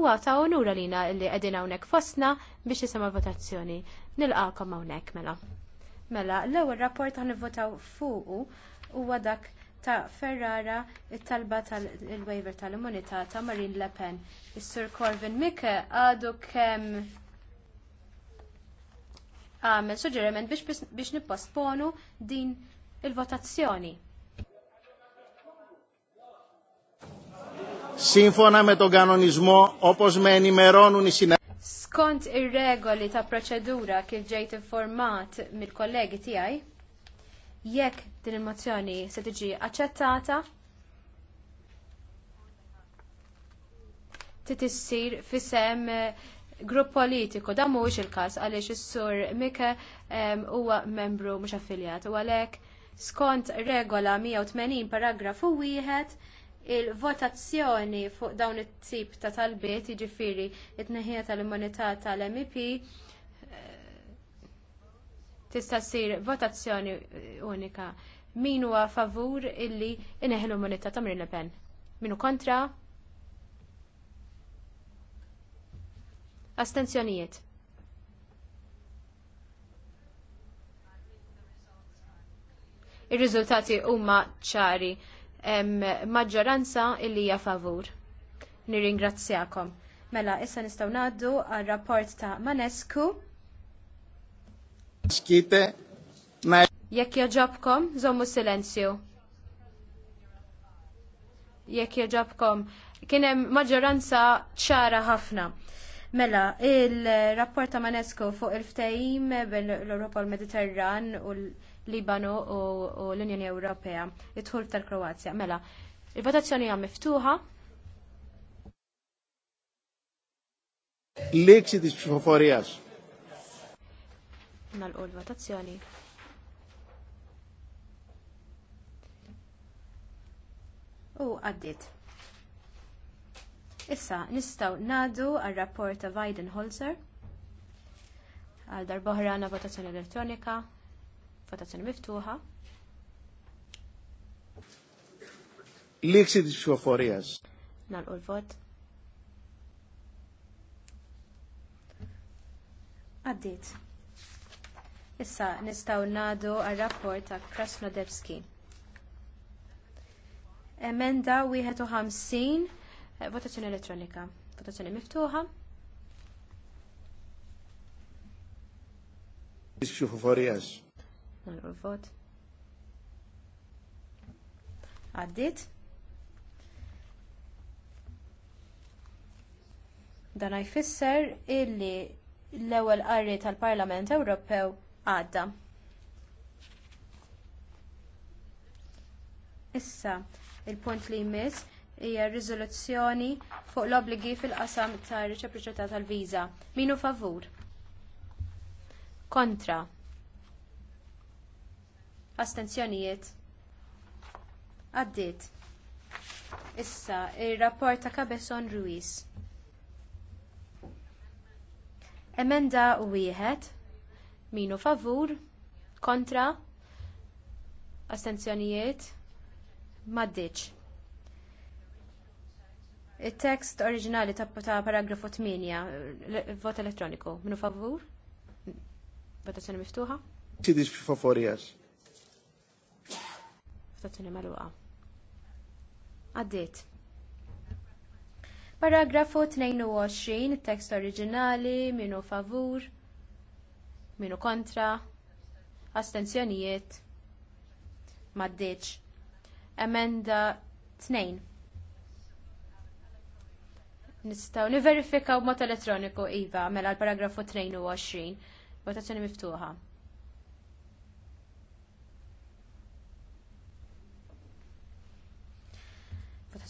u għata onura lina li qegħdin hawnhekk fostna biex jisema votazzjoni. Nilqakom hawnhekk mela. Mela, l-ewwel rapport għan votaw fuqu huwa dak ta' Ferrara it-talba tal-waiver tal-immunità ta' Marine Le Pen. Is-Sur Corvin Mike għadu kemm għamel suġġeriment biex, biex nipposponu din il-votazzjoni. sinfona me to κανονισμό opos me ενημερώνουν οι συνεργάτες. Skont ir-regoli ta' proċedura kif ġejt informat mill-kollegi tiegħi, jekk din il-mozzjoni se tiġi aċċettata, titissir fisem eh, grupp politiku da mhuwiex il-każ għaliex is-sur Mike huwa membru mhux affiljat u għalhekk skont regola 180 paragrafu wieħed il-votazzjoni fuq dawn it-tip ta' talbiet jiġifieri t tneħħija tal-immunità tal-MEP eh, tista' ssir votazzjoni eh, unika. Min huwa favur illi ineħħlu l-immunità ta' Marine Le Pen? Minu kontra? Astenzjonijiet. ir-riżultati huma ċari hemm maġġoranza illi hija favur. Nirringrazzjakom. Mela, issa nistgħu ngħaddu għar rapport ta' Manescu. Skite. Jekk joġobkom, żommu silenzju. Jekk joġobkom, kien hemm maġġoranza ċara ħafna. Mela, il-rapport ta' Manescu fuq il-ftehim bil-Europa l-Mediterran u l- Libanu u, l-Unjoni Ewropea, it-tħul tal-Kroazja. Mela, il-votazzjoni hija miftuħa. L-eksi tis Nalqu l-votazzjoni. U għaddit. Issa, nistaw nadu għal-rapport ta' Weidenholzer għal darbohra għana votazzjoni elettronika, Votazzjoni miftuħa. L-iksid Nal Nalqu l-vot. Għaddit. Issa nistaw nadu għal-rapport ta' Krasnodebski. Emenda 51, votazzjoni elettronika. Votazzjoni miftuħa. Ixxufu nagħlqu l-vot. Għaddit? Dan jfisser illi l-ewwel qarri tal-Parlament Ewropew għadda. Issa, il-punt li jmiss hija riżoluzzjoni fuq l-obbligi fil-qasam tar reċiproċità tal-viża. Minu favur? Kontra? astenzjonijiet għaddiet. Issa, ir-rapport ta' Cabezon Ruiz. Emenda wieħed minu favur, kontra, astenzjonijiet, maddiċ. Il-tekst oriġinali ta', paragrafu 8, vot elettroniku, minu favur, votazzjoni miftuħa. favorijas votazzjoni magħluqa. Għaddiet. Paragrafu 22, it-tekst oriġinali, minu favur, minu kontra, astenzjonijiet, maddiċ. Emenda 2. Nistaw niverifikaw mod elettroniku iva mela l-paragrafu 22. Votazzjoni miftuħa.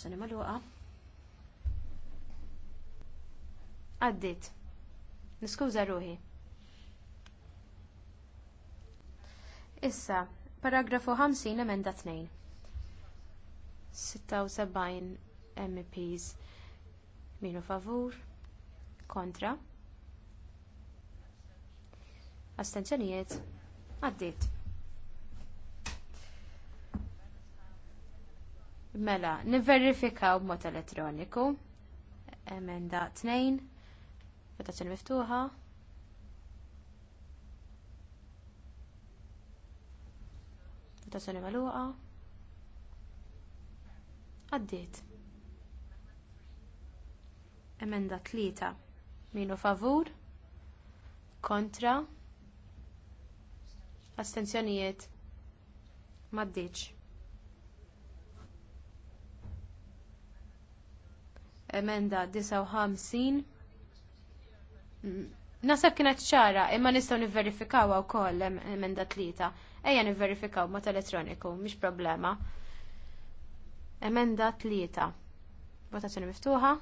votazzjoni magħluqa. Għaddit. Niskuża ruħi. Issa, paragrafu 50 emenda 2. 76 MPs minu favur, kontra, astenzjonijiet, għaddit. Mela, niverifikaw b'mod elettroniku. Emenda 2. Votazzjoni miftuħa. Votazzjoni magħluqa. Għaddiet. Emenda 3. Minu favur? Kontra? Astenzjonijiet? Maddiċ. emenda 59. Mm, nasab kienet ċara, imma nistgħu nivverifikaw wkoll emenda 3. Ejja nivverifikaw mod elettroniku, mhix problema. Emenda tlieta. Votazzjoni miftuħa.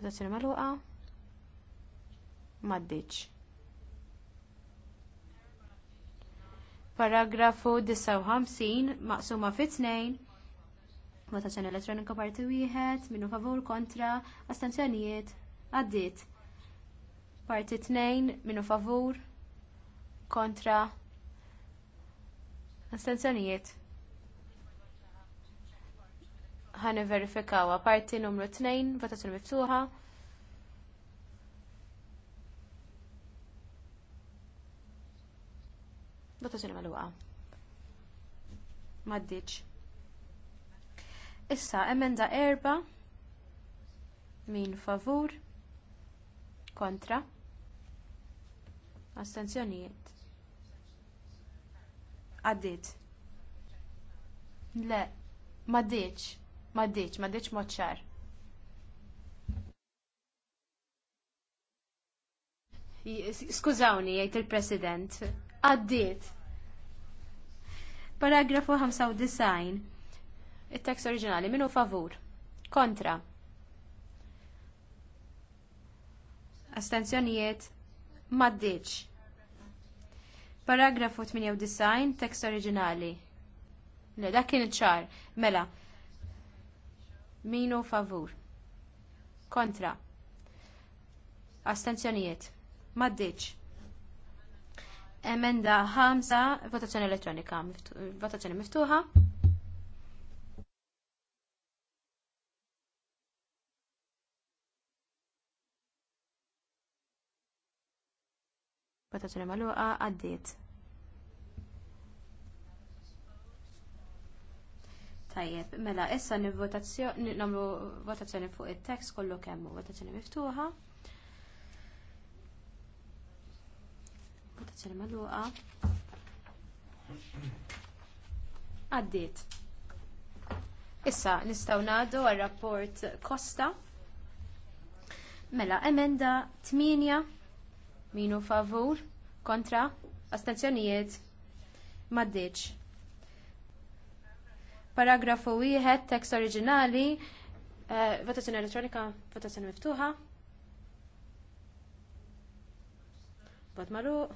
Votazzjoni magħluqa. Maddiċ. Paragrafu 59 maqsuma fit tnejn Votazzjoni elettronika parti wieħed, minnu favur kontra, astenzjonijiet, għaddiet. Parti tnejn, minnu favur kontra, astenzjonijiet. Ħane verifikawa parti numru tnejn, votazzjoni miftuħa. Votazzjoni maluqa. Maddiċ. Issa emenda erba' min favur kontra astenzjonijiet għaddiet le m'għaddiex m'għaddiex m'għaddiex moċċar. ċar skużawni jgħid il-President għaddiet paragrafu 95 Il-tekst oriġinali minu favur. Kontra. Astenzjonijiet maddiċ. Paragrafu 98, tekst oriġinali. Le, dak kien ċar. Mela. Minu favur. Kontra. Astenzjonijiet. Maddiċ. Emenda 5, votazzjoni elettronika. Votazzjoni miftuħa. votazzjoni magħluqa għaddiet. Tajjeb, mela issa nagħmlu votazzjoni fuq it-text kollu kemm votazzjoni miftuħa. Votazzjoni magħluqa. Għaddiet. Issa nistgħu ngħaddu għar-rapport Costa. Mela emenda 8 Minu favur? Kontra? Astenzjonijiet? Maddiċ. Paragrafu wieħed, tekst oriġinali, eh, votazzjoni elettronika, votazzjoni miftuħa. Vot magħluq.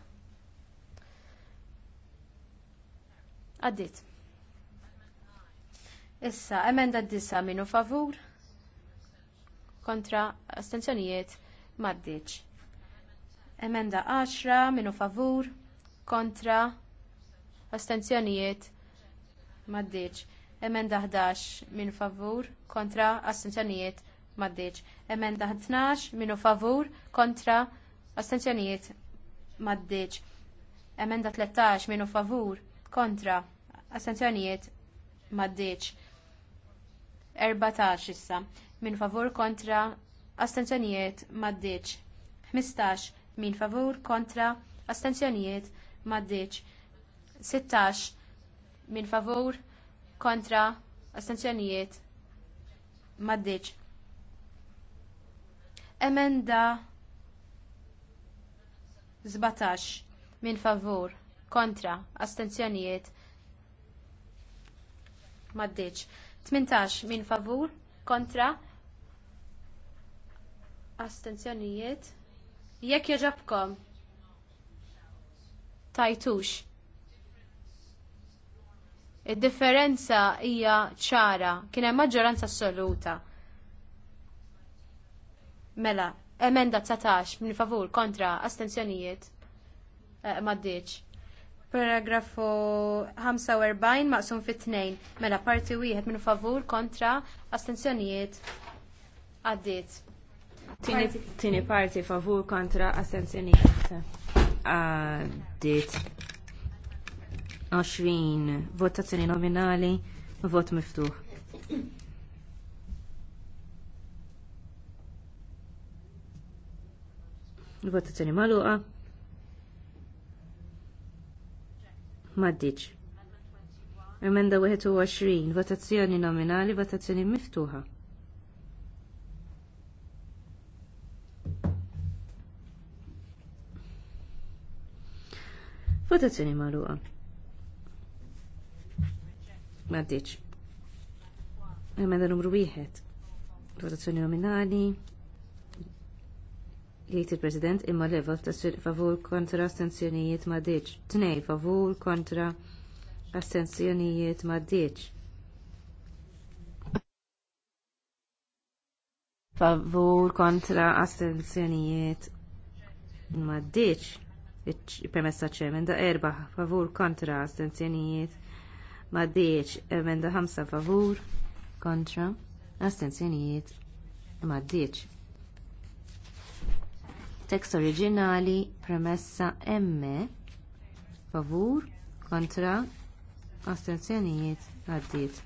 Għaddit. Issa, emenda d-dissa minu favur? Kontra astenzjonijiet? Maddiċ. Emenda 10 minu favur kontra astenzjonijiet maddiċ. Emenda 11 minu favur kontra astenzjonijiet maddiċ. Emenda 12 minu favur kontra astenzjonijiet maddiċ. Emenda 13 minu favur kontra astenzjonijiet maddiċ. 14 issa minn favur kontra astenzjonijiet maddiċ 15 Min favur kontra astenzjonijiet maddiċ. 16. Min favur kontra astenzjonijiet maddiċ. Emenda 17. Min favur kontra astenzjonijiet maddiċ. 18 min favur kontra astenzjonijiet Jekk jaġabkom tajtux. Id-differenza hija ċara, kien hemm maġġoranza assoluta. Mela, emenda 19 minn favur kontra astensjonijiet eh, maddiċ. Paragrafu 45 maqsum fit tnejn Mela parti wieħed minn favur kontra astensjonijiet għaddiet. Tini parti favur kontra assenzjonijiet għaddit 20 votazzjoni nominali vot miftuħ. Votazzjoni maluqa. Maddiċ. Emenda 21, votazzjoni nominali, votazzjoni miftuħa. Votazzjoni magħluqa. M'għaddiċ. Emenda numru wieħed. Votazzjoni nominali. Jgħid il-President imma leva favur kontra astenzjonijiet m'għaddiċ. Tnej favur kontra astenzjonijiet m'għaddiċ. favur kontra astenzjonijiet maddiċ permessa ċe emenda erba favur kontra astenzjonijiet ma deċ emenda ħamsa favur kontra astenzjonijiet ma deċ tekst oriġinali premessa m. favur kontra astenzjonijiet għaddiet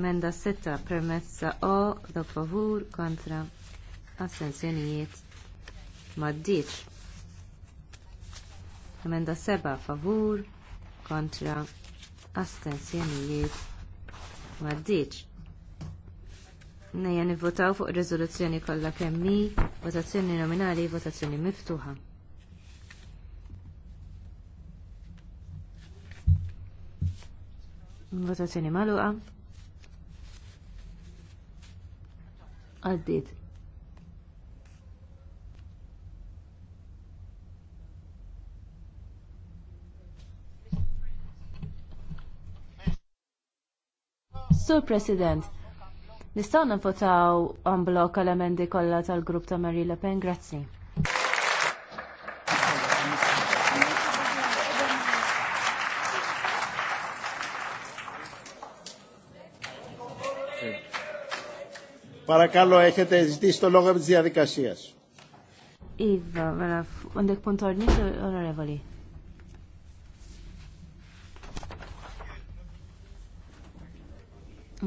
emenda 6 premessa o da favur kontra astenzjonijiet maddiċ. Emenda seba' favur kontra astensjonijiet maddiċ. Nejja nivvotaw fuq ir-riżoluzzjoni kollha kemm hi, votazzjoni nominali, votazzjoni miftuħa. Votazzjoni magħluqa. Għaddiet. Sur President, nistaw nifotaw unblock għal emendi kollha tal-grupp ta' Marie Le Pen, grazzi. Παρακαλώ, έχετε ζητήσει το λόγο της διαδικασίας. Iva, għandek punt ordni, onorevoli.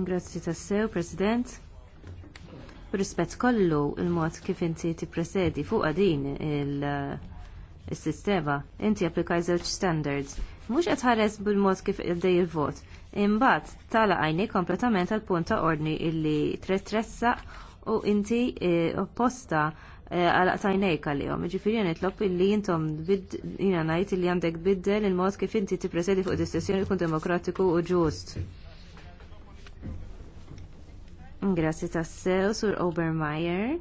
Grazzi tassew, President. Rispett kollu il-mod kif inti tippresedi fuq din il-sistema, inti applikaj żewġ standards. Mhux qed ħares bil-mod kif dej il-vot. Imbagħad tala għajni kompletament għal punt ta' ordni illi tretressa u inti eh, opposta eh, għal tajnejk għalihom. Ġifieri nitlob illi intom jiena ngħid illi għandek biddel il-mod kif inti tippresedi fuq dis-sessjoni kun demokratiku u ġust. Grazzi tassew sur Obermeyer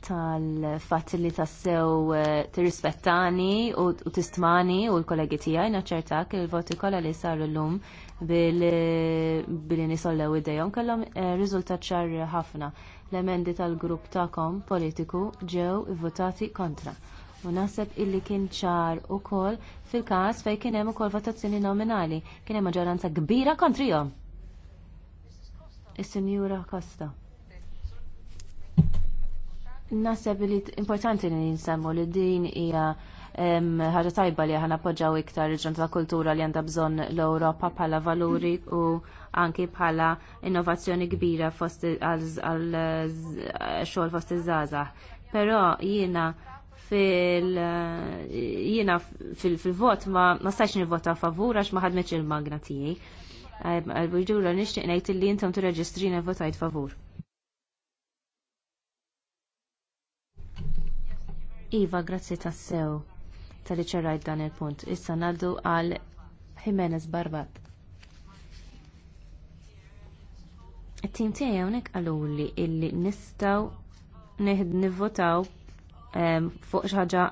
tal-fatt li tassew eh, tirrispettani u tistmani u l-kollegi tiegħi naċċertak il-voti kollha li saru llum billi nisollew id-dajom kellhom eh, rizultat ċar ħafna. L-emendi tal-grupp ta'kom politiku ġew votati kontra u naħseb illi kien ċar ukoll fil każ fejn kien hemm ukoll votazzjoni nominali kien hemm maġġoranza kbira kontrihom. Is-Sinjura Costa. Naseb li importanti li ninsemmu li din hija ħaġa tajba li ħana poġġaw iktar il-ġon ta' kultura li għandha bżonn l-Ewropa bħala valuri u anki bħala innovazzjoni kbira fost għal xogħol fost iż-żgħażagħ. Però jiena fil jiena fil-vot ma ma stajx nivvota favur għax ma ħadmitx il-magna tiegħi għal-bujdura nishtiq ngħid illi intom tirreġistrina votajt favur. Iva, grazzi tassew tal-li ċerrajt dan il-punt. Issa naddu għal Jimenez Barbat. It-tim tiegħi hawnhekk qaluli illi nistgħu nivotaw ehm, fuq xi ħaġa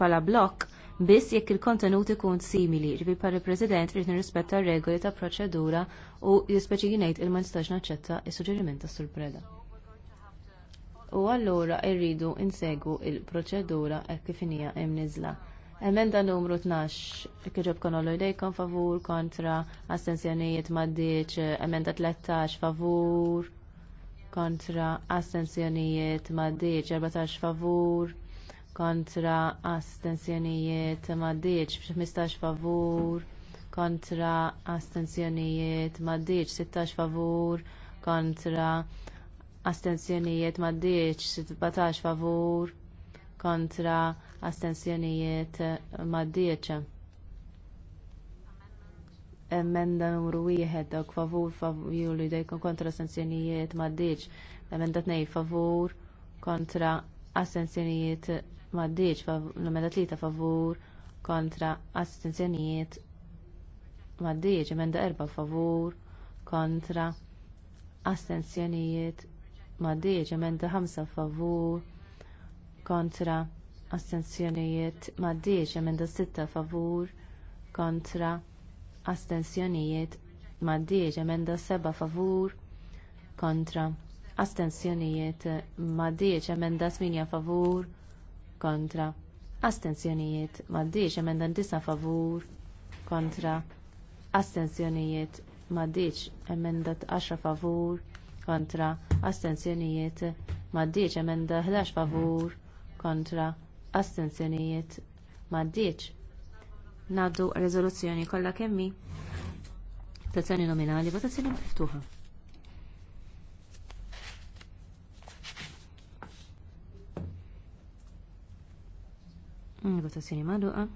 bħala blok biss jekk il-kontenut ikun simili, ġifi par il-President rrid nirrispetta regoli ta' proċedura u jispeċi jingħid il ma nistax naċċetta is-suġġeriment tas surpreda. U allura rridu insegwu il-proċedura hekk kif hija hemm niżla. Emenda numru 12, kħiġob kon idejkom favur, kontra, astensjonijiet maddiċ, emenda 13, favur, kontra, astensjonijiet maddiċ, 14, favur, kontra astensjonijiet maddiċ 15 favur kontra astensjonijiet maddiċ 16 favur kontra astensjonijiet maddiċ 17 favur kontra astensjonijiet maddiċ emenda numru wieħed dawk favur favur juli, dejkom kontra sanzjonijiet maddiċ emenda tnej favur kontra assenzjonijiet maddiċ l-emenda tlieta favur kontra astenzjonijiet maddiċ emenda erba favur kontra astenzjonijiet maddiċ emenda ħamsa favur kontra astenzjonijiet maddiċ emenda sitta favur kontra astenzjonijiet maddiċ emenda seba' favur kontra astensjonijiet maddiċ emenda 8 favur kontra astenzjonijiet maddiċ emenda disa favur kontra astenzjonijiet maddiċ emenda 10 favur kontra astenzjonijiet maddiċ emenda 11 favur kontra astenzjonijiet maddiċ Naddu rezoluzzjoni riżoluzzjoni kollha kemm hi. Votazzjoni nominali, votazzjoni miftuħa. Votazzjoni maluqa.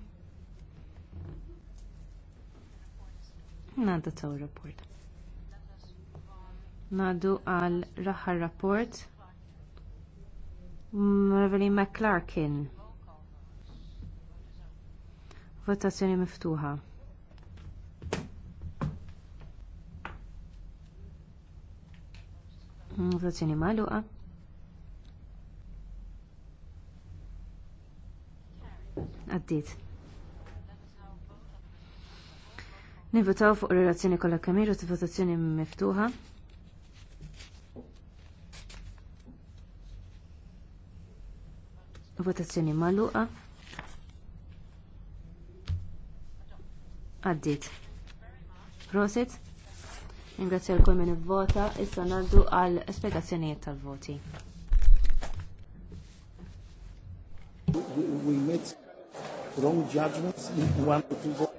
Nadda taw rapport. Naddu għal raħar rapport. Marveli McClarkin. Votazzjoni miftuħa. Votazzjoni maluqa. għaddit. Nivvotaw fuq relazzjoni kollha kemm ta' votazzjoni miftuħa. Votazzjoni magħluqa. Għaddit. Prosit. Ingrazzja l kull minn vota issa naddu għal spiegazzjonijiet tal-voti wrong judgments in one or two